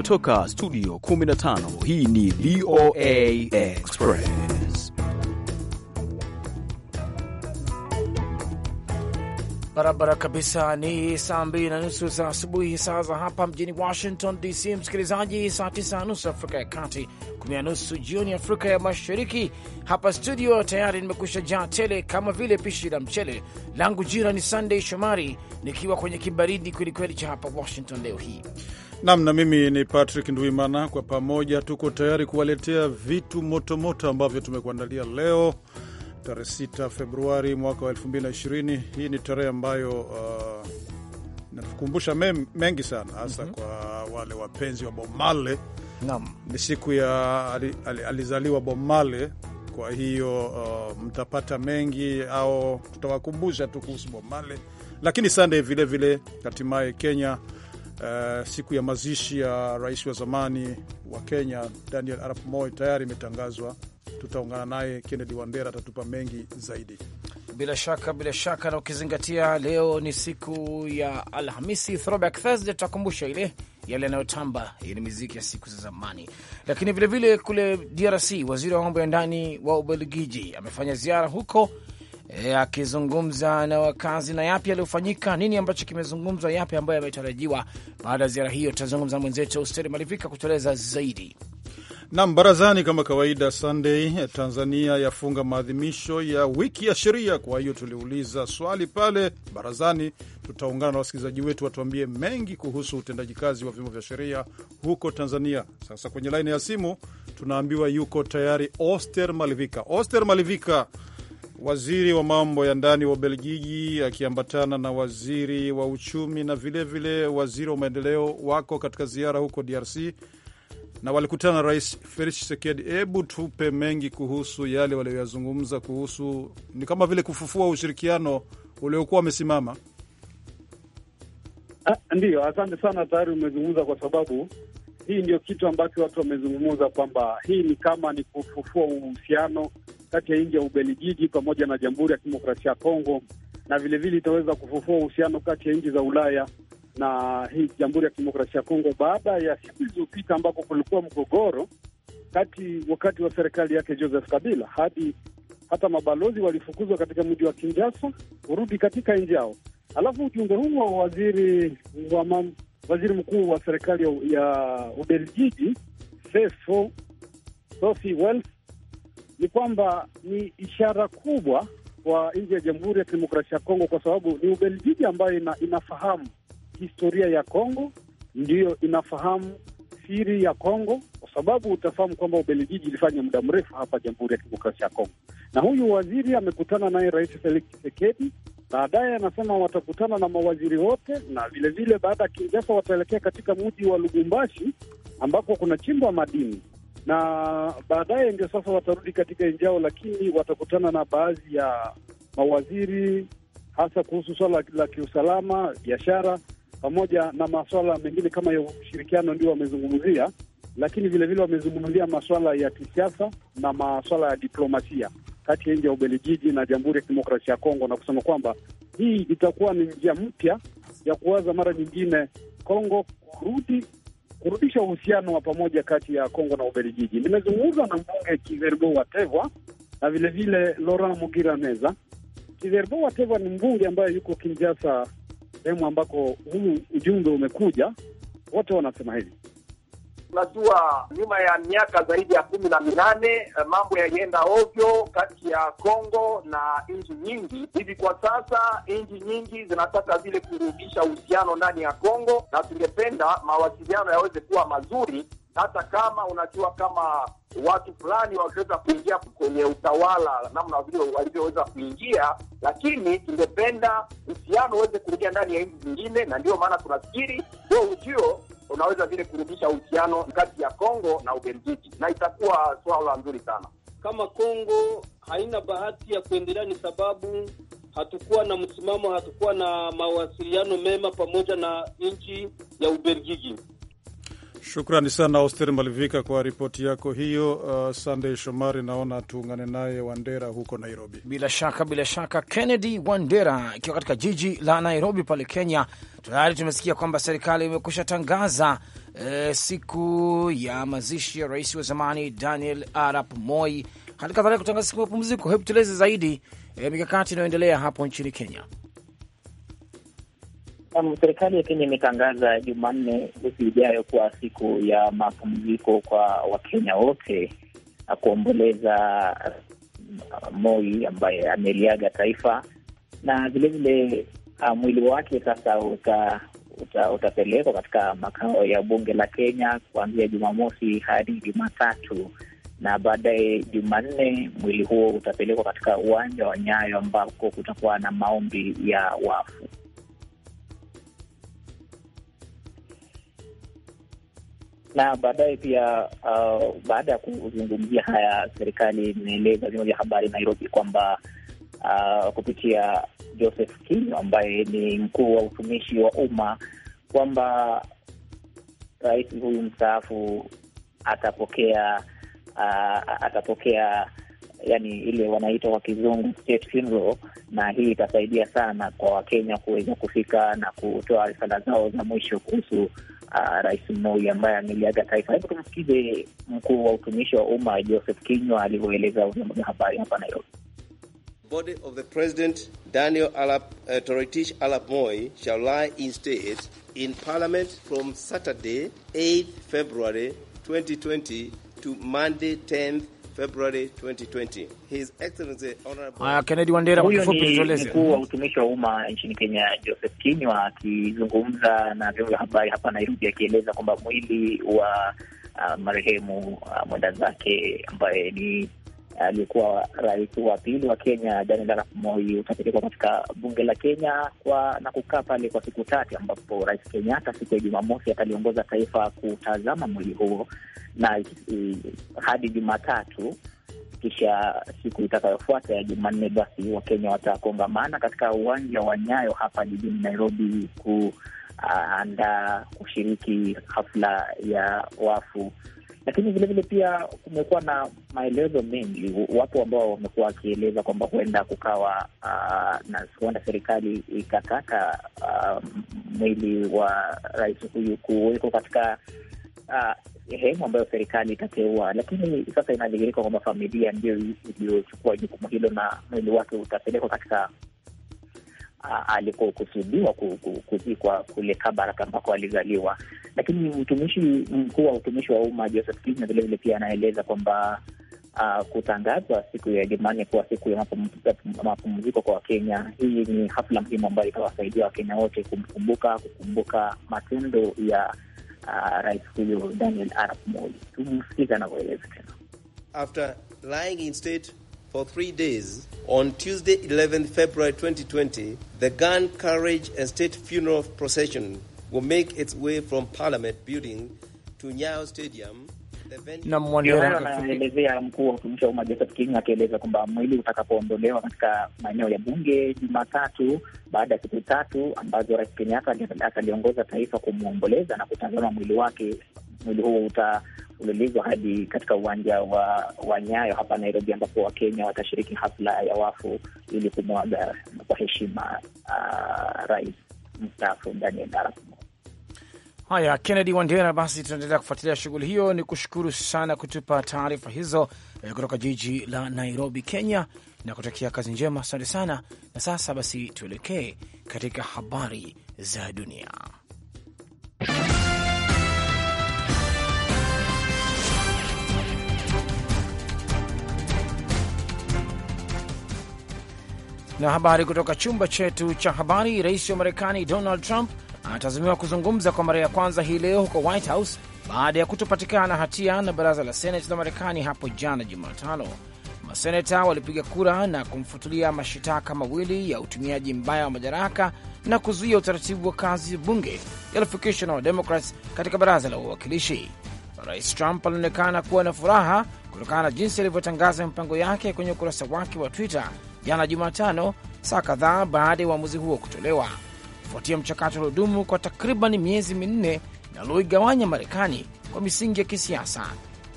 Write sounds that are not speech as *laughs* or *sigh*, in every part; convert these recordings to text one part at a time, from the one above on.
kutoka studio 15 hii ni VOA Express barabara kabisa ni saa mbili na nusu za asubuhi saa za hapa mjini Washington DC msikilizaji saa tisa na nusu Afrika ya Kati kumi na nusu jioni Afrika ya Mashariki hapa studio tayari nimekusha jaa tele kama vile pishi la mchele langu jira ni Sunday Shomari nikiwa kwenye kibaridi kwelikweli cha hapa Washington leo hii nam na mimi ni Patrick nduimana Kwa pamoja tuko tayari kuwaletea vitu motomoto ambavyo tumekuandalia leo tarehe 6 Februari mwaka wa 2020. Hii ni tarehe ambayo uh, natukumbusha mengi sana hasa mm -hmm. kwa wale wapenzi wa bomale Nam Ni siku ya al, ali, alizaliwa bomale kwa hiyo uh, mtapata mengi au tutawakumbusha tu kuhusu bomale lakini sande vilevile hatimaye Kenya uh, siku ya mazishi ya rais wa zamani wa Kenya Daniel Arap Moi tayari imetangazwa. Tutaungana naye Kennedy Wandera, atatupa mengi zaidi. Bila shaka, bila shaka, na ukizingatia leo ni siku ya Alhamisi, Throwback Thursday, tutakumbusha ile yale yanayotamba. Hii ni miziki ya siku za zamani. Lakini vilevile vile kule DRC, waziri wa mambo ya ndani wa Ubelgiji amefanya ziara huko e, akizungumza na wakazi na yapi yaliyofanyika, nini ambacho kimezungumzwa, yapi ambayo yametarajiwa baada ya ziara hiyo. Tutazungumza na mwenzetu Usteri Malivika kutueleza zaidi. Nam barazani, kama kawaida, Sunday Tanzania yafunga maadhimisho ya wiki ya sheria. Kwa hiyo tuliuliza swali pale barazani, tutaungana na wasikilizaji wetu watuambie mengi kuhusu utendaji kazi wa vyombo vya sheria huko Tanzania. Sasa kwenye laini ya simu tunaambiwa yuko tayari Oster Malivika. Oster Malivika, Waziri wa mambo ya ndani wa Ubelgiji akiambatana na waziri wa uchumi na vilevile vile waziri wa maendeleo wako katika ziara huko DRC na walikutana na Rais Felix Tshisekedi. Hebu tupe mengi kuhusu yale walioyazungumza, kuhusu ni kama vile kufufua ushirikiano uliokuwa wamesimama. Ah, Ndiyo, asante sana, tayari umezungumza, kwa sababu hii ndio kitu ambacho watu wamezungumza kwamba hii ni kama ni kufufua uhusiano kati ya nchi ya Ubelgiji pamoja na Jamhuri ya Kidemokrasia ya Kongo, na vilevile itaweza kufufua uhusiano kati ya nchi za Ulaya na hii Jamhuri ya Kidemokrasia ya Kongo baada ya siku zilizopita ambapo kulikuwa mgogoro kati wakati wa serikali yake Joseph Kabila hadi hata mabalozi walifukuzwa katika mji wa Kinshasa kurudi katika nchi yao. Alafu ujumbe huu wa waziri wa mam, waziri mkuu wa serikali ya Ubelgiji Sefo Sofi Wels ni kwamba ni ishara kubwa kwa nchi ya Jamhuri ya Kidemokrasia ya Kongo, kwa sababu ni Ubelgiji ambayo ina, inafahamu historia ya Kongo, ndiyo inafahamu siri ya Kongo, kwa sababu utafahamu kwamba Ubelgiji ilifanya muda mrefu hapa Jamhuri ya Kidemokrasia ya Kongo. Na huyu waziri amekutana naye Rais Felix Tshisekedi, baadaye anasema watakutana na mawaziri wote, na vilevile baada ya Kinshasa wataelekea katika mji wa Lubumbashi ambako kuna chimbwa madini na baadaye ndio sasa watarudi katika injao, lakini watakutana na baadhi ya mawaziri hasa kuhusu swala la kiusalama, biashara pamoja na maswala mengine kama ya ushirikiano, ndio wamezungumzia, lakini vilevile wamezungumzia maswala ya kisiasa na maswala ya diplomasia kati ya nchi ya Ubelgiji na Jamhuri ya Kidemokrasia ya Kongo, na kusema kwamba hii itakuwa ni njia mpya ya kuwaza mara nyingine Kongo kurudi kurudisha uhusiano wa pamoja kati ya Kongo na Ubelgiji. Nimezungumza na mbunge Kiverbo Watevwa na vilevile Lora Mugira Meza. Kizerbo Watevwa ni mbunge ambaye yuko Kinjasa, sehemu ambako huu ujumbe umekuja. Wote wanasema hivi. Unajua, nyuma ya miaka zaidi ya kumi na minane eh, mambo yalienda ovyo kati ya Kongo na nchi nyingi. Hivi kwa sasa nchi nyingi zinataka zile kurudisha uhusiano ndani ya Kongo, na tungependa mawasiliano yaweze kuwa mazuri hata kama unajua kama watu fulani wakiweza kuingia kwenye utawala namna vile walivyoweza kuingia, lakini tungependa uhusiano uweze kurudia ndani ya nchi zingine, na ndiyo maana tunafikiri huo ujio unaweza vile kurudisha uhusiano kati ya Kongo na Ubelgiji, na itakuwa swala nzuri sana. Kama Kongo haina bahati ya kuendelea ni sababu hatukuwa na msimamo, hatukuwa na mawasiliano mema pamoja na nchi ya Ubelgiji. Shukrani sana Auster Malivika kwa ripoti yako hiyo. Uh, Sandey Shomari, naona tuungane naye Wandera huko Nairobi. Bila shaka, bila shaka, Kennedy Wandera ikiwa katika jiji la Nairobi pale Kenya. Tayari tumesikia kwamba serikali imekusha tangaza eh, siku ya mazishi ya rais wa zamani Daniel Arap Moi, hali kadhalika kutangaza siku ya mapumziko. Hebu tueleze zaidi eh, mikakati inayoendelea hapo nchini Kenya. Um, serikali ya Kenya imetangaza Jumanne wiki ijayo kuwa siku ya mapumziko kwa Wakenya wote na kuomboleza uh, Moi ambaye ameliaga taifa, na vilevile uh, mwili wake sasa uta utapelekwa katika makao ya bunge la Kenya kuanzia Jumamosi hadi Jumatatu, na baadaye Jumanne mwili huo utapelekwa katika uwanja wa Nyayo ambako kutakuwa na maombi ya wafu. na baadaye pia uh, baada ya kuzungumzia haya, serikali imeeleza vyombo vya habari Nairobi kwamba uh, kupitia Joseph Kinyo ambaye ni mkuu wa utumishi wa umma kwamba rais huyu mstaafu atapokea uh, atapokea yani ile wanaita kwa kizungu state funeral, na hii itasaidia sana kwa Wakenya kuweza kufika na kutoa risala zao za mwisho kuhusu uh, Rais Moi ambaye ameliaga taifa. Hebu tumsikize mkuu wa utumishi wa umma Joseph Kinywa alivyoeleza vyombo vya habari hapa Nairobi. Body of the President Daniel Arap, uh, eh, Toroitich Arap Moi shall lie in state in parliament from Saturday 8 February 2020 to Monday 10 February 2020. His Excellency Honorable... Aya, Kennedy Wandera, kwa kifupi tueleze. Mkuu wa utumishi wa umma nchini Kenya Joseph Kinywa akizungumza na vyombo vya habari hapa Nairobi akieleza kwamba mwili wa uh, marehemu uh, mwenda zake ambaye ni aliyekuwa rais wa pili wa Kenya Daniel Arap Moi utapelekwa katika bunge la Kenya kwa na kukaa pale kwa siku tatu, ambapo rais Kenyatta siku ya Jumamosi ataliongoza taifa kutazama mwili huo na i, eh, hadi Jumatatu. Kisha siku itakayofuata ya Jumanne, basi Wakenya watakongamana katika uwanja wa Nyayo hapa jijini Nairobi kuandaa ah, uh, kushiriki hafla ya wafu lakini vilevile pia kumekuwa na maelezo mengi, wapo ambao wamekuwa wakieleza kwamba huenda kukawa uh, na huenda serikali ikataka uh, mwili wa rais huyu kuwekwa katika uh, sehemu ambayo serikali itateua, lakini sasa inadhihirika kwamba familia ndio iliyochukua jukumu hilo na mwili wake utapelekwa katika alikokusudiwa kuzikwa kule Kabarak ambako alizaliwa. Lakini mtumishi mkuu wa utumishi wa umma Joseph Kina vilevile pia anaeleza kwamba Uh, kutangazwa siku ya Jumanne kuwa siku ya mapumziko kwa Wakenya. Hii ni hafla muhimu ambayo itawasaidia Wakenya wote kumkumbuka kukumbuka matendo ya uh, rais huyo Daniel Arap Moi. Tumsikiza anavyoeleza tena. After lying in state For three days, on Tuesday 11 February 2020, the Gun Carriage and State Funeral Procession will make its way from Parliament Building to Nyayo Stadium. Anaelezea mkuu wa utumishi wa umma Joseph King akieleza kwamba mwili utakapoondolewa katika maeneo ya bunge Jumatatu, baada ya siku tatu ambazo Rais Kenyatta ataliongoza taifa kumwomboleza na kutazama mwili wake, mwili huo uta mfululizo hadi katika uwanja wa, wa Nyayo hapa Nairobi, ambapo Wakenya watashiriki hafla ya wafu ili kumwaga kwa heshima uh, rais mstaafu Daniel Arap Moi. Haya, Kennedy Wandera, basi tunaendelea kufuatilia shughuli hiyo. Ni kushukuru sana kutupa taarifa hizo eh, kutoka jiji la Nairobi, Kenya, na kutakia kazi njema. Asante sana. Na sasa basi tuelekee katika habari za dunia. Na habari kutoka chumba chetu cha habari, rais wa Marekani Donald Trump anatazamiwa kuzungumza kwa mara ya kwanza hii leo huko White House baada ya kutopatikana hatia na baraza la seneti la Marekani hapo jana Jumatano. Maseneta walipiga kura na kumfutulia mashitaka mawili ya utumiaji mbaya wa madaraka na kuzuia utaratibu wa kazi bunge yaliyofikishwa na Wademokrats katika baraza la wawakilishi. Rais Trump alionekana kuwa na furaha kutokana na jinsi alivyotangaza mipango yake kwenye ukurasa wake wa Twitter jana Jumatano, saa kadhaa baada ya uamuzi huo kutolewa, kufuatia mchakato uliodumu kwa takriban miezi minne inaloigawanya Marekani kwa misingi ya kisiasa.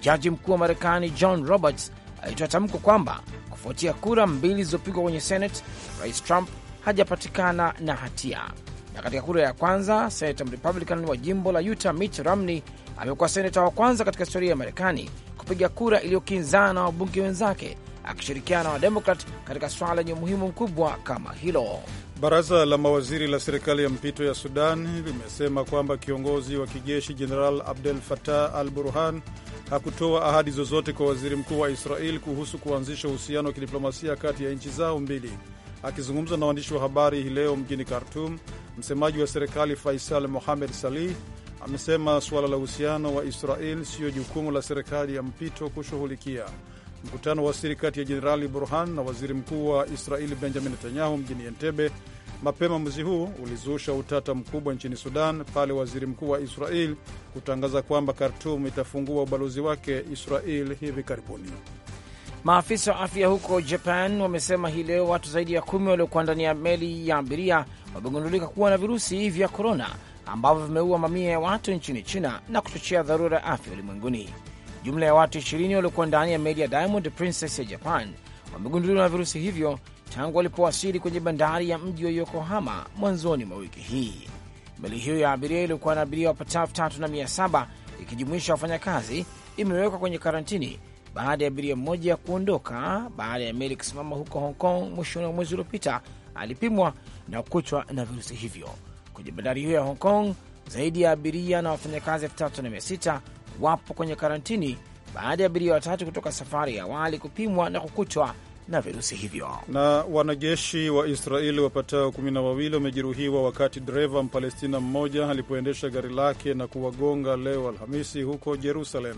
Jaji mkuu wa Marekani John Roberts alitoa tamko kwamba kufuatia kura mbili zilizopigwa kwenye Senate, Rais Trump hajapatikana na hatia. Na katika kura ya kwanza, senata Mrepublican wa jimbo la Utah Mitt Romney amekuwa senata wa kwanza katika historia ya Marekani kupiga kura iliyokinzana na wabunge wenzake akishirikiana na Wademokrat katika swala lenye umuhimu mkubwa kama hilo. Baraza la mawaziri la serikali ya mpito ya Sudan limesema kwamba kiongozi wa kijeshi Jeneral Abdel Fattah al Burhan hakutoa ahadi zozote kwa waziri mkuu wa Israel kuhusu kuanzisha uhusiano wa kidiplomasia kati ya nchi zao mbili. Akizungumza na waandishi wa habari hii leo mjini Khartum, msemaji wa serikali Faisal Mohamed Salih amesema suala la uhusiano wa Israel siyo jukumu la serikali ya mpito kushughulikia. Mkutano wa siri kati ya Jenerali Burhan na waziri mkuu wa Israeli Benjamin Netanyahu mjini entebe mapema mwezi huu ulizusha utata mkubwa nchini Sudan pale waziri mkuu wa Israel kutangaza kwamba Khartum itafungua ubalozi wake Israel hivi karibuni. Maafisa wa afya huko Japan wamesema hii leo watu zaidi ya kumi waliokuwa ndani ya meli ya abiria wamegundulika kuwa na virusi vya korona ambavyo vimeua mamia ya watu nchini China na kuchochea dharura ya afya ulimwenguni. Jumla ya watu 20 waliokuwa ndani ya meli ya Diamond Princess ya Japan wamegunduliwa na virusi hivyo tangu walipowasili kwenye bandari ya mji wa Yokohama mwanzoni mwa wiki hii. Meli hiyo ya abiria iliyokuwa na abiria wapatao elfu tatu na mia saba ikijumuisha wafanyakazi imewekwa kwenye karantini baada ya abiria mmoja kuondoka baada ya meli kusimama huko Hong Kong mwishoni mwa mwezi uliopita. Alipimwa na kukutwa na virusi hivyo kwenye bandari hiyo ya Hong Kong. Zaidi ya abiria na wafanyakazi elfu tatu na mia sita wapo kwenye karantini baada ya abiria watatu kutoka safari ya awali kupimwa na kukutwa na virusi hivyo. Na wanajeshi wa Israeli wapatao kumi na wawili wamejeruhiwa wakati dereva Mpalestina mmoja alipoendesha gari lake na kuwagonga leo Alhamisi huko Jerusalem.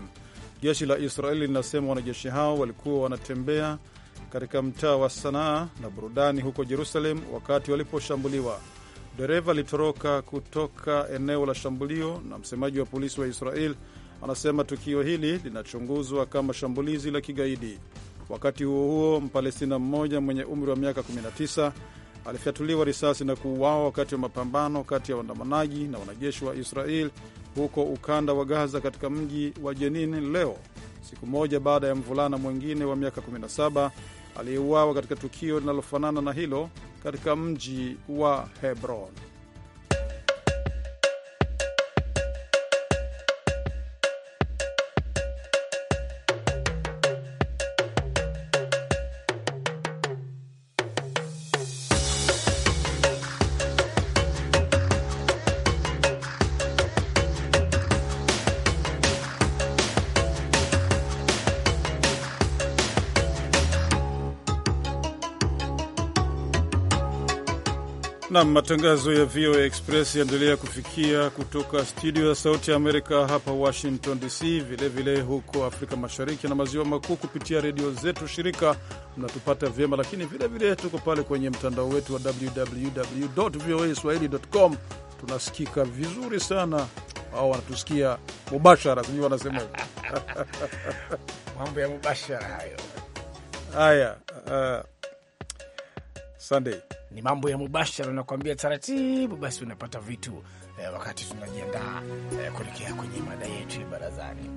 Jeshi la Israeli linasema wanajeshi hao walikuwa wanatembea katika mtaa wa sanaa na burudani huko Jerusalem wakati waliposhambuliwa. Dereva alitoroka kutoka eneo la shambulio, na msemaji wa polisi wa Israeli anasema tukio hili linachunguzwa kama shambulizi la kigaidi. Wakati huo huo, Mpalestina mmoja mwenye umri wa miaka 19 alifyatuliwa risasi na kuuawa wakati wa mapambano kati ya waandamanaji na wanajeshi wa Israel huko ukanda wa Gaza katika mji wa Jenin leo, siku moja baada ya mvulana mwingine wa miaka 17 aliyeuawa katika tukio linalofanana na hilo katika mji wa Hebron. Nam, matangazo ya VOA Express yaendelea kufikia kutoka studio ya Sauti ya Amerika hapa Washington DC, vilevile huko Afrika Mashariki na Maziwa Makuu kupitia redio zetu shirika, mnatupata vyema, lakini vilevile tuko pale kwenye mtandao wetu wa www voa swahili.com. Tunasikika vizuri sana, au wanatusikia mubashara, sijui wanasema *laughs* mambo ya mubashara hayo. Haya, uh, Sunday ni mambo ya mubashara, nakuambia taratibu, basi unapata vitu eh, wakati tunajiandaa eh, kuelekea kwenye mada yetu ya barazani.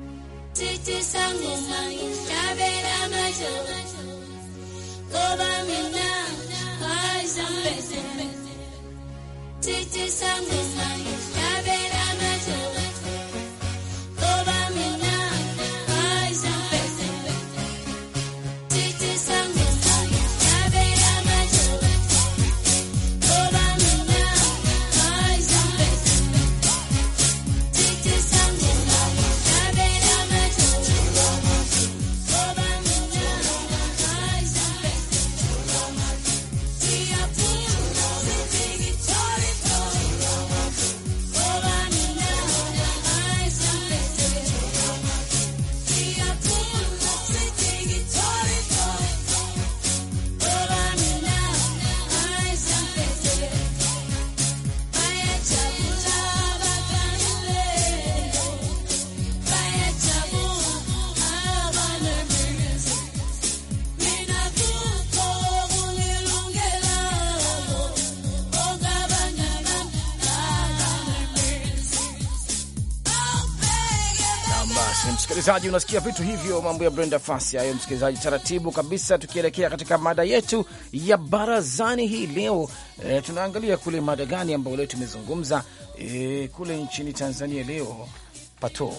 msikilizaji, unasikia vitu hivyo, mambo ya Brenda Fasi hayo, msikilizaji, taratibu kabisa. Tukielekea katika mada yetu ya barazani hii leo, e, tunaangalia kule mada gani ambayo leo tumezungumza, e, kule nchini Tanzania leo pato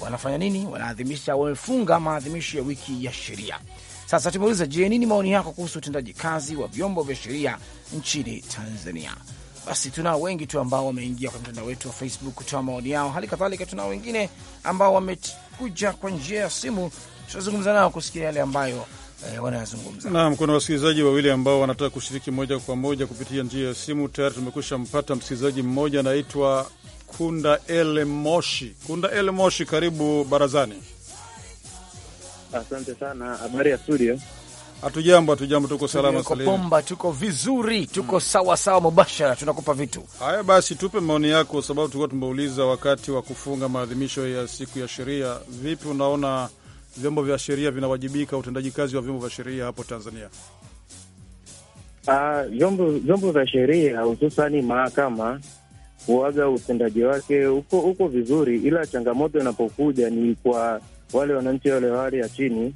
wanafanya nini? Wanaadhimisha, wamefunga maadhimisho ya wiki ya sheria. Sasa tumeuliza, je, nini maoni yako kuhusu utendaji kazi wa vyombo vya sheria nchini Tanzania? basi tunao wengi tu ambao wameingia kwa mtandao wetu wa Facebook kutoa maoni yao. Hali kadhalika tunao wengine ambao wamekuja kwa njia ya simu, tunazungumza nao kusikia yale ambayo eh, wanayazungumza. Naam, kuna wasikilizaji wawili ambao wanataka kushiriki moja kwa moja kupitia njia ya simu. Tayari tumekusha mpata msikilizaji mmoja anaitwa Kunda Ele Moshi. Kunda l Moshi, karibu barazani. Asante sana. Habari ya studio? Hatujambo, hatujambo, tuko salama salini, tuko vizuri, tuko sawa sawa, mubashara tunakupa vitu haya. Basi tupe maoni yako, sababu tulikuwa tumeuliza wakati wa kufunga maadhimisho ya siku ya sheria, vipi unaona vyombo vya sheria vinawajibika, utendaji kazi wa vyombo vya sheria hapo Tanzania? Ah, vyombo vya sheria hususani mahakama huaga utendaji wake uko uko vizuri, ila changamoto inapokuja ni kwa wale wananchi wale wa hali ya chini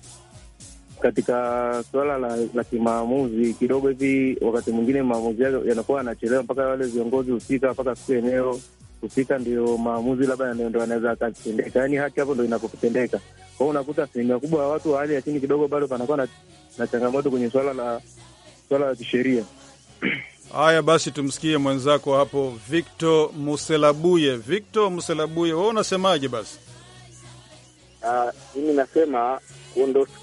katika suala la, la kimaamuzi kidogo hivi, wakati mwingine maamuzi yake yanakuwa yanachelewa mpaka wale viongozi husika, mpaka siku eneo husika ndio maamuzi labda ndo anaweza akatendeka, yaani haki hapo ndo inapotendeka kwao. Unakuta asilimia kubwa ya watu wa hali ya chini kidogo bado panakuwa na, na changamoto kwenye suala la suala la kisheria. *clears throat* Haya basi, tumsikie mwenzako hapo Victor Muselabuye. Victor Muselabuye, wewe unasemaje? Basi ah, mimi uh, nasema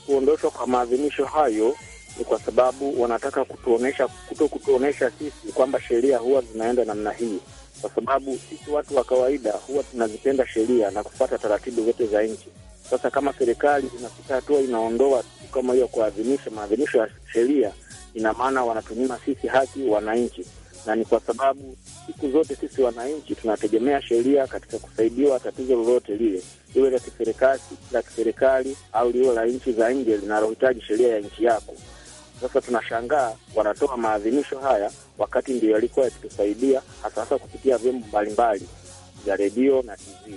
kuondoshwa kwa maadhimisho hayo ni kwa sababu wanataka kutuonesha, kuto kutuonesha sisi kwamba sheria huwa zinaenda namna hii, kwa sababu sisi watu wa kawaida huwa tunazipenda sheria na kufuata taratibu zote za nchi. Sasa kama serikali inafika hatua inaondoa siku kama hiyo kuadhimisha maadhimisho ya sheria, ina maana wanatunyima sisi haki wananchi na ni kwa sababu siku zote sisi wananchi tunategemea sheria katika kusaidiwa tatizo lolote lile, iwe la kiserikali au liwe la nchi za nje linalohitaji sheria ya nchi yako. Sasa tunashangaa wanatoa maadhimisho haya wakati ndio yalikuwa yakitusaidia hasa hasa kupitia vyombo mbalimbali vya redio na TV.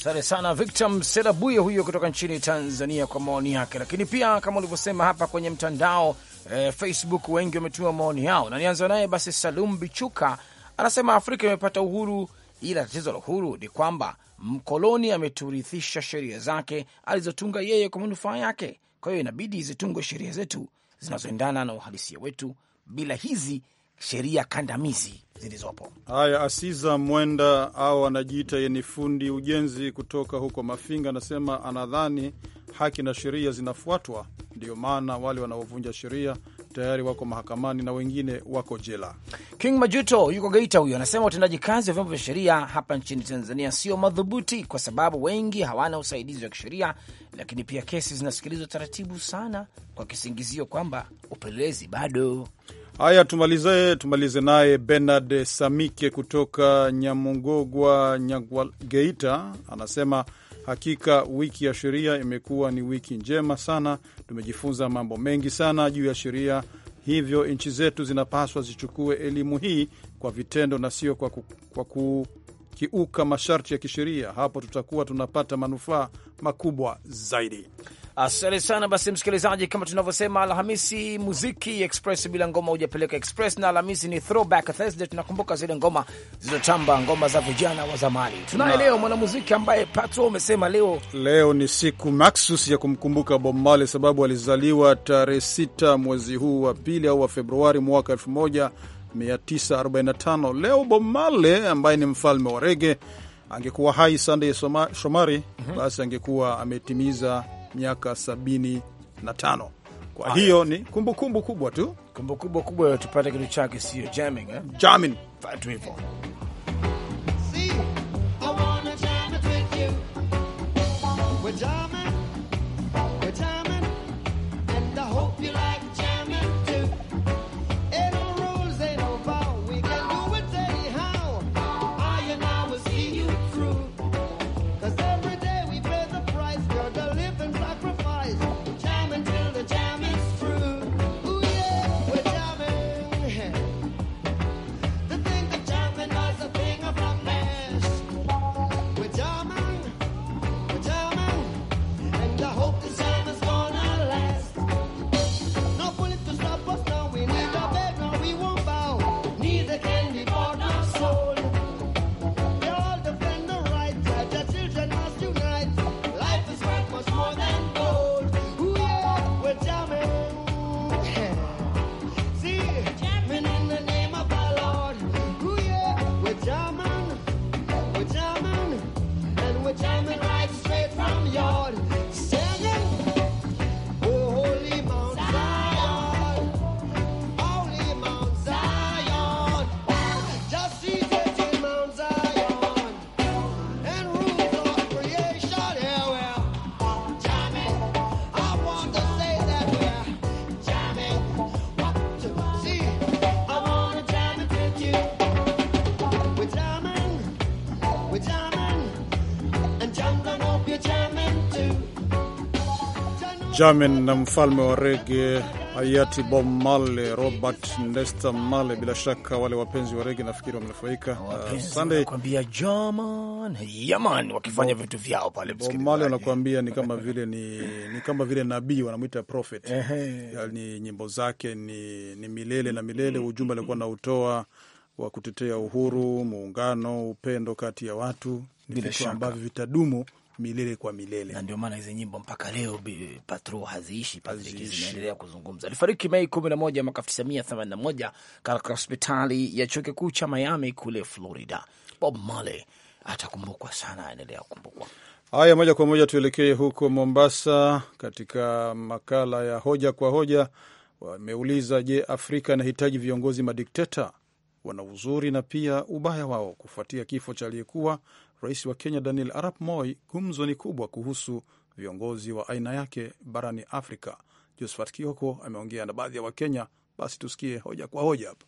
Asante sana Victor Mselabuye huyo kutoka nchini Tanzania kwa maoni yake. Lakini pia kama ulivyosema hapa kwenye mtandao eh, Facebook wengi wametuma maoni yao, na nianza naye basi. Salum Bichuka anasema Afrika imepata uhuru, ila tatizo la uhuru ni kwamba mkoloni ameturithisha sheria zake alizotunga yeye kwa manufaa yake. Kwa hiyo inabidi zitungwe sheria zetu zinazoendana na uhalisia wetu, bila hizi sheria kandamizi zilizopo. Haya, Asiza Mwenda au anajiita yeye ni fundi ujenzi kutoka huko Mafinga, anasema anadhani haki na sheria zinafuatwa ndio maana wale wanaovunja sheria tayari wako mahakamani na wengine wako jela. King Majuto yuko Geita, huyo anasema utendaji kazi wa vyombo vya sheria hapa nchini Tanzania sio madhubuti, kwa sababu wengi hawana usaidizi wa kisheria, lakini pia kesi zinasikilizwa taratibu sana kwa kisingizio kwamba upelelezi bado. Haya, tumalize tumalize naye Bernard Samike kutoka Nyamungogwa Nyagwa, Geita anasema Hakika wiki ya sheria imekuwa ni wiki njema sana, tumejifunza mambo mengi sana juu ya sheria. Hivyo nchi zetu zinapaswa zichukue elimu hii kwa vitendo na sio kwa, ku, kwa kukiuka masharti ya kisheria. Hapo tutakuwa tunapata manufaa makubwa zaidi. Asante sana. Basi msikilizaji, kama tunavyosema, Alhamisi muziki express, bila ngoma hujapeleka express, na Alhamisi ni throwback Thursday. Tunakumbuka zile ngoma zilizotamba, ngoma za vijana wa zamani. Tunaye leo mwanamuziki ambaye Patro umesema leo, leo ni siku maksus ya kumkumbuka Bob Marley, sababu alizaliwa tarehe 6 mwezi huu wa pili au wa Februari mwaka 1945. Leo Bob Marley ambaye ni mfalme wa rege, angekuwa hai Sunday Shomari, mm -hmm. basi angekuwa ametimiza miaka sabini na tano. Kwa ah, hiyo ni kumbukumbu kumbu kubwa tu, kumbukumbu kubwa. Tupate kitu chake, sio jamming eh? Jamming fatu hivyo See, Benjamin na mfalme wa rege hayati Bob Marley, Robert Nesta Marley. Bila shaka wale wapenzi wa rege nafikiri wamenufaika. Uh, Yaman wakifanya vitu vyao pale. Bob Marley anakuambia ni kama vile ni, ni kama vile nabii wanamwita prophet. Yani nyimbo zake ni, ni milele na milele. Mm-hmm. Ujumbe alikuwa mm-hmm. na utoa wa kutetea uhuru, muungano, upendo kati ya watu ni vitu ambavyo vitadumu milele kwa milele, na ndio maana hizi nyimbo mpaka leo Patro haziishi, zinaendelea kuzungumza. Alifariki Mei 11 mwaka 1981 katika hospitali ya chuo kikuu cha Miami kule Florida. Bob Marley atakumbukwa sana, aendelea kukumbukwa. Haya, moja kwa moja tuelekee huko Mombasa. Katika makala ya hoja kwa hoja wameuliza, je, Afrika inahitaji viongozi madikteta? Wana uzuri na pia ubaya wao, kufuatia kifo cha aliyekuwa rais wa Kenya Daniel Arap Moi, gumzo ni kubwa kuhusu viongozi wa aina yake barani Afrika. Josephat Kioko ameongea na baadhi ya Wakenya. Basi tusikie hoja kwa hoja hapa.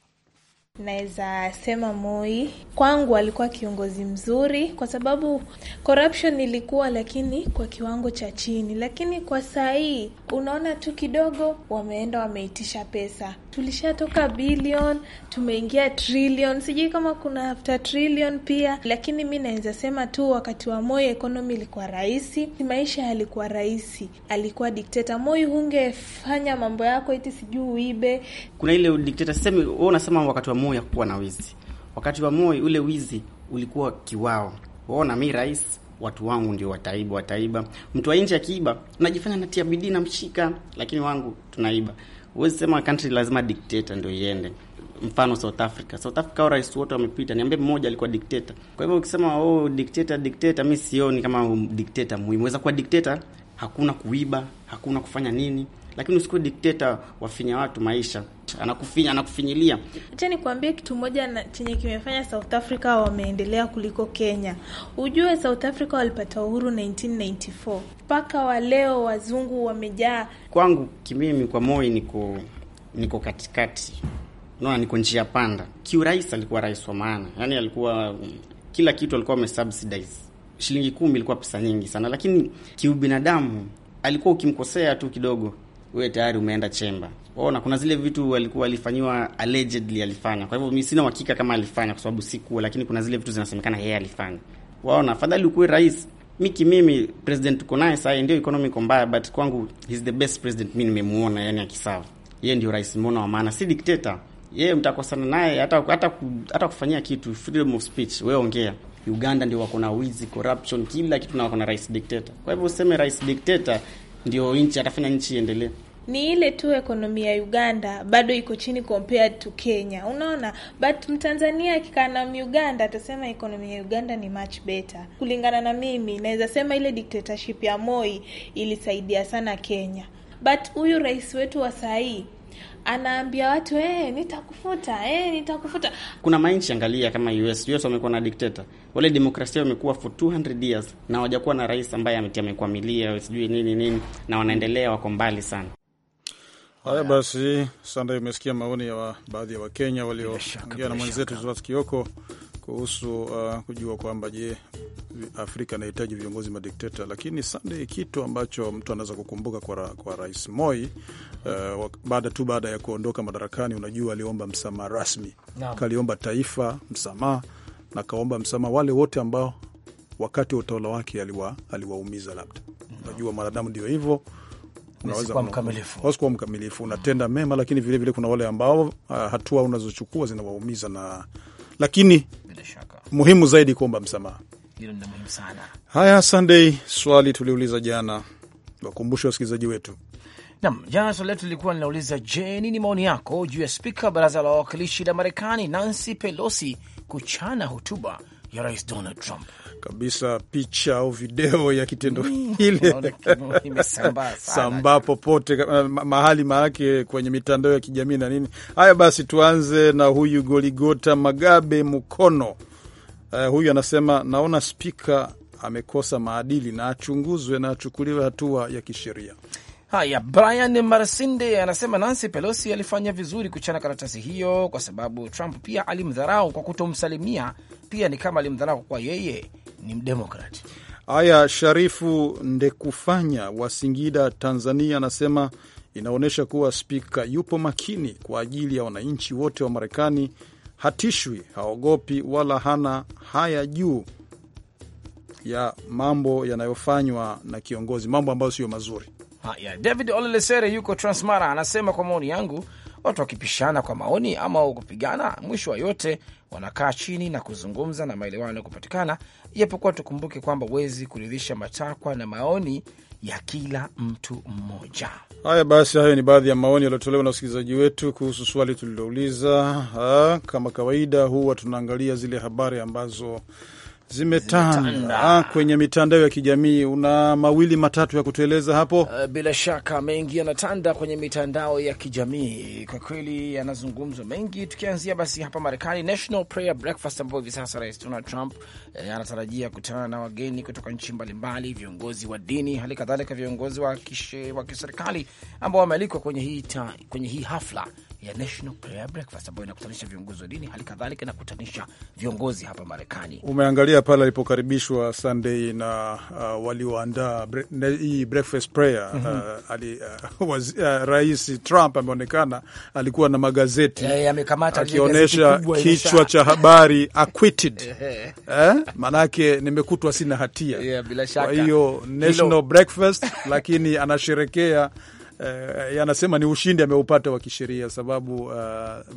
Naweza sema Moi kwangu alikuwa kiongozi mzuri, kwa sababu corruption ilikuwa, lakini kwa kiwango cha chini. Lakini kwa saa hii unaona tu kidogo, wameenda wameitisha pesa tulishatoka bilion, tumeingia trilion, sijui kama kuna after trilion pia. Lakini mi naweza sema tu wakati wa Moi ekonomi ilikuwa rahisi, maisha yalikuwa rahisi. Alikuwa dikteta Moi, hungefanya mambo yako iti sijui uibe. Kuna ile dikteta sisemi, wewe unasema wakati wa Moi hakukuwa na wizi. Wakati wa Moi ule wizi ulikuwa kiwao, waona mi rais watu wangu ndio wataiba, wataiba. Mtu wa nje akiiba, unajifanya natia bidii, namshika, lakini wangu tunaiba. Huwezi sema country lazima dictator ndio iende. Mfano South Africa, South Africa au rais wote wamepita, niambie mmoja alikuwa dictator. Kwa hivyo ukisema oh, dictator dictator, mi sioni kama dictator muhimu. Weza kuwa dictator, hakuna kuiba, hakuna kufanya nini lakini usikuwe dikteta wafinya watu maisha, anakufinya anakufinyilia. Acha nikwambie kitu moja na chenye kimefanya South Africa wameendelea kuliko Kenya. Ujue South Africa walipata uhuru 1994 mpaka wa leo wazungu wamejaa. Kwangu kimimi, kwa moyo niko niko katikati, unaona, niko njia panda. Kiurais alikuwa rais wa maana, yani alikuwa kila kitu alikuwa amesubsidize shilingi kumi ilikuwa pesa nyingi sana, lakini kiubinadamu alikuwa ukimkosea tu kidogo wewe tayari umeenda chemba. Ona, kuna zile vitu walikuwa alifanyiwa allegedly alifanya. Kwa hivyo mimi sina uhakika kama alifanya kwa sababu sikuwa, lakini kuna zile vitu zinasemekana yeye alifanya. Waona, afadhali ukuwe rais Miki mimi president uko naye sasa, ndio economy iko mbaya, but kwangu he's the best president mimi nimemuona, yani akisawa, yeye ndio rais mbona wa maana, si dictator yeye. Mtakosana naye hata hata hata kufanyia kitu, freedom of speech, wewe ongea. Uganda ndio wako na wizi, corruption, kila kitu na wako na rais dictator. Kwa hivyo useme rais dictator ndio nchi atafanya nchi iendelee. Ni ile tu ekonomi ya Uganda bado iko chini compared to Kenya, unaona, but mtanzania akikaa na Uganda atasema ekonomi ya Uganda ni much better. Kulingana na mimi, naweza sema ile dictatorship ya Moi ilisaidia sana Kenya, but huyu rais wetu wa saa hii anaambia watu eh, nitakufuta eh, nitakufuta. Kuna mainchi, angalia kama US, US wamekuwa na dictator, wale demokrasia wamekuwa for 200 years na hawajakuwa na rais ambaye amekwamilia sijui nini nini, na wanaendelea wako mbali sana. Haya basi, Sanda, umesikia maoni ya baadhi ya Wakenya walioongea na mwenzetu Zlats Kioko kuhusu uh, kujua kwamba je, Afrika inahitaji viongozi madikteta, lakini Sunday, kitu ambacho mtu anaweza kukumbuka kwa, ra, kwa Rais Moi uh, baada tu baada ya kuondoka madarakani, unajua aliomba msamaha rasmi no. Kaliomba taifa msamaha na kaomba msamaha wale wote ambao wakati wa utawala wake aliwaumiza aliwa, labda no. Unajua mwanadamu ndio hivyo wasikuwa mkamilifu, unatenda mm. mema, lakini vilevile vile kuna wale ambao uh, hatua unazochukua zinawaumiza na, lakini muhimu zaidi kuomba msamaha hilo ni muhimu sana. Haya, Sunday, swali tuliuliza jana, wakumbushe wasikilizaji wetu nam. Jana swali letu lilikuwa linauliza, je, nini maoni yako juu ya spika baraza la wawakilishi la Marekani Nancy Pelosi kuchana hotuba ya Rais Donald Trump? Kabisa, picha au video ya kitendo kile mm, *laughs* sambaa popote mahali, maanake kwenye mitandao ya kijamii na nini. Haya basi, tuanze na huyu Goligota Magabe Mkono Uh, huyu anasema naona spika amekosa maadili na achunguzwe na achukuliwe hatua ya kisheria. Haya, Brian Marsinde anasema Nancy Pelosi alifanya vizuri kuchana karatasi hiyo, kwa sababu Trump pia alimdharau kwa kutomsalimia, pia ni kama alimdharau kwa yeye ni mdemokrati. Haya, Sharifu Ndekufanya wa Singida, Tanzania anasema inaonyesha kuwa spika yupo makini kwa ajili ya wananchi wote wa Marekani hatishwi, haogopi wala hana haya juu ya mambo yanayofanywa na kiongozi, mambo ambayo siyo mazuri. Haya, David Olelesere yuko Transmara anasema, kwa maoni yangu, watu wakipishana kwa maoni ama kupigana, mwisho wa yote wanakaa chini na kuzungumza na maelewano kupatikana, ijapokuwa tukumbuke kwamba huwezi kuridhisha matakwa na maoni ya kila mtu mmoja. Haya basi, hayo ni baadhi ya maoni yaliyotolewa na wasikilizaji wetu kuhusu swali tulilouliza. Ah, kama kawaida, huwa tunaangalia zile habari ambazo zimetanda kwenye mitandao ya kijamii. Una mawili matatu ya kutueleza hapo? Uh, bila shaka mengi yanatanda kwenye mitandao ya kijamii kwa kweli, yanazungumzwa mengi, tukianzia basi hapa Marekani, National Prayer Breakfast ambao hivi sasa Rais Donald Trump eh, anatarajia kutana na wageni kutoka nchi mbalimbali, viongozi wa dini, hali kadhalika viongozi wa kiserikali ambao wamealikwa kwenye hii, kwenye hii hafla ya National Prayer Breakfast ambayo inakutanisha viongozi wa dini, hali kadhalika inakutanisha viongozi hapa Marekani. Umeangalia pale alipokaribishwa Sunday na uh, walioandaa bre, hii breakfast prayer mm -hmm. uh, ali, uh, *laughs* waz, uh, Rais Trump ameonekana alikuwa na magazeti eh, akionyesha kichwa cha habari *laughs* acquitted eh? eh? Maanake nimekutwa sina hatia, yeah, bila shaka. Kwa hiyo national Hello. breakfast lakini anasherekea eh, anasema ni ushindi ameupata wa kisheria, sababu uh,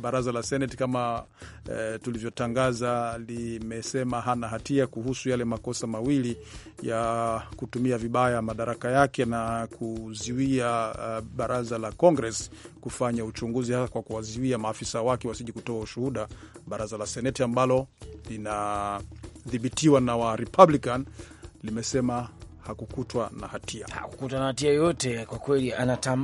baraza la Seneti kama uh, tulivyotangaza limesema hana hatia kuhusu yale makosa mawili ya kutumia vibaya madaraka yake na kuziwia uh, baraza la Congress kufanya uchunguzi, hasa kwa kuwaziwia maafisa wake wasiji kutoa ushuhuda, baraza la Seneti ambalo linadhibitiwa na wa Republican limesema hakukutwa na hatia, hakukutwa na hatia yoyote. Kwa kweli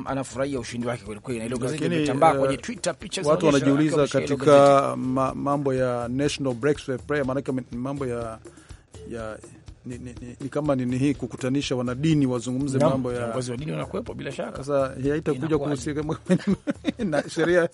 anafurahia ushindi wake kwelikweli, na ile gazeti imetambaa kwenye eh, Twitter, picha watu wanajiuliza katika ma, mambo ya national breakfast prayer, maanake mambo ya, ya ni, ni, ni, ni kama nini hii kukutanisha wanadini wazungumze no, mambo ya viongozi wa dini wanakuwepo bila shaka. Sasa haitakuja kuhusika *laughs* na sheria,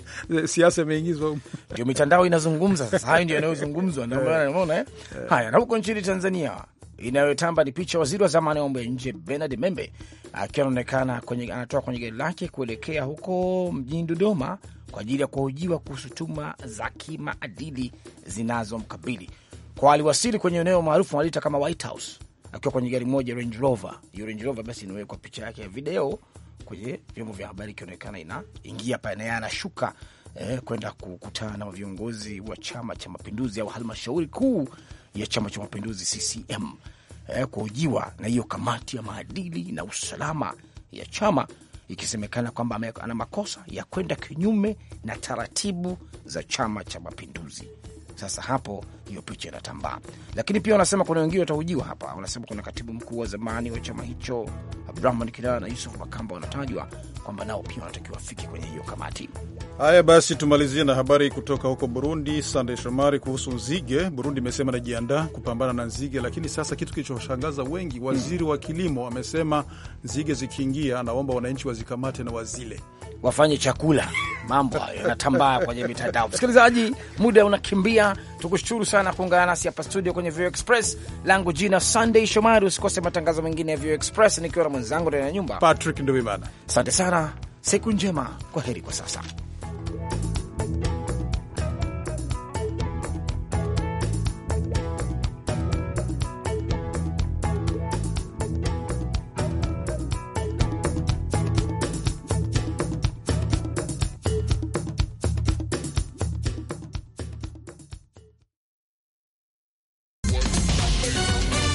siasa imeingizwa, ndio mitandao inazungumza sasa. Hayo ndio yanayozungumzwa, ndio maana eh, unaona eh? eh. Haya, na huko nchini Tanzania inayotamba ni picha waziri wa zamani wa mambo ya nje Bernard Membe akiwa anaonekana anatoka kwenye gari lake kuelekea huko mjini Dodoma kwa ajili ya kuhojiwa kuhusu tuma za kimaadili zinazomkabili kwa aliwasili kwenye eneo maarufu wanaita kama White House akiwa kwenye gari moja Range Rover. Hiyo Range Rover basi inawekwa picha yake ya video kwenye vyombo vya habari ikionekana inaingia pale, naye anashuka eh, kwenda kukutana na viongozi wa Chama cha Mapinduzi au halmashauri kuu ya Chama cha Mapinduzi CCM eh, kuhojiwa na hiyo kamati ya maadili na usalama ya chama ikisemekana kwamba ana makosa ya kwenda kinyume na taratibu za Chama cha Mapinduzi. Sasa hapo hiyo picha inatambaa, lakini pia wanasema kuna wengine watahujiwa hapa. Wanasema kuna katibu mkuu wa zamani wa chama hicho Abdurahman Kinana na Yusuf Makamba wanatajwa kwamba nao pia wanatakiwa wafike kwenye hiyo kamati. Haya basi, tumalizie na habari kutoka huko Burundi. Sande Shomari, kuhusu nzige. Burundi imesema inajiandaa kupambana na nzige, lakini sasa kitu kilichoshangaza wengi, waziri wa kilimo amesema nzige zikiingia, anaomba wananchi wazikamate na wazile, wafanye chakula Mambo hayo yanatambaa kwenye mitandao. Msikilizaji, muda unakimbia, tukushukuru sana kuungana nasi hapa studio kwenye Vio Express. Langu jina Sunday Shomari. Usikose matangazo mengine ya Vio Express nikiwa na mwenzangu ndani ya nyumba Patrick Ndumimana. Asante sana, siku njema, kwa heri kwa sasa.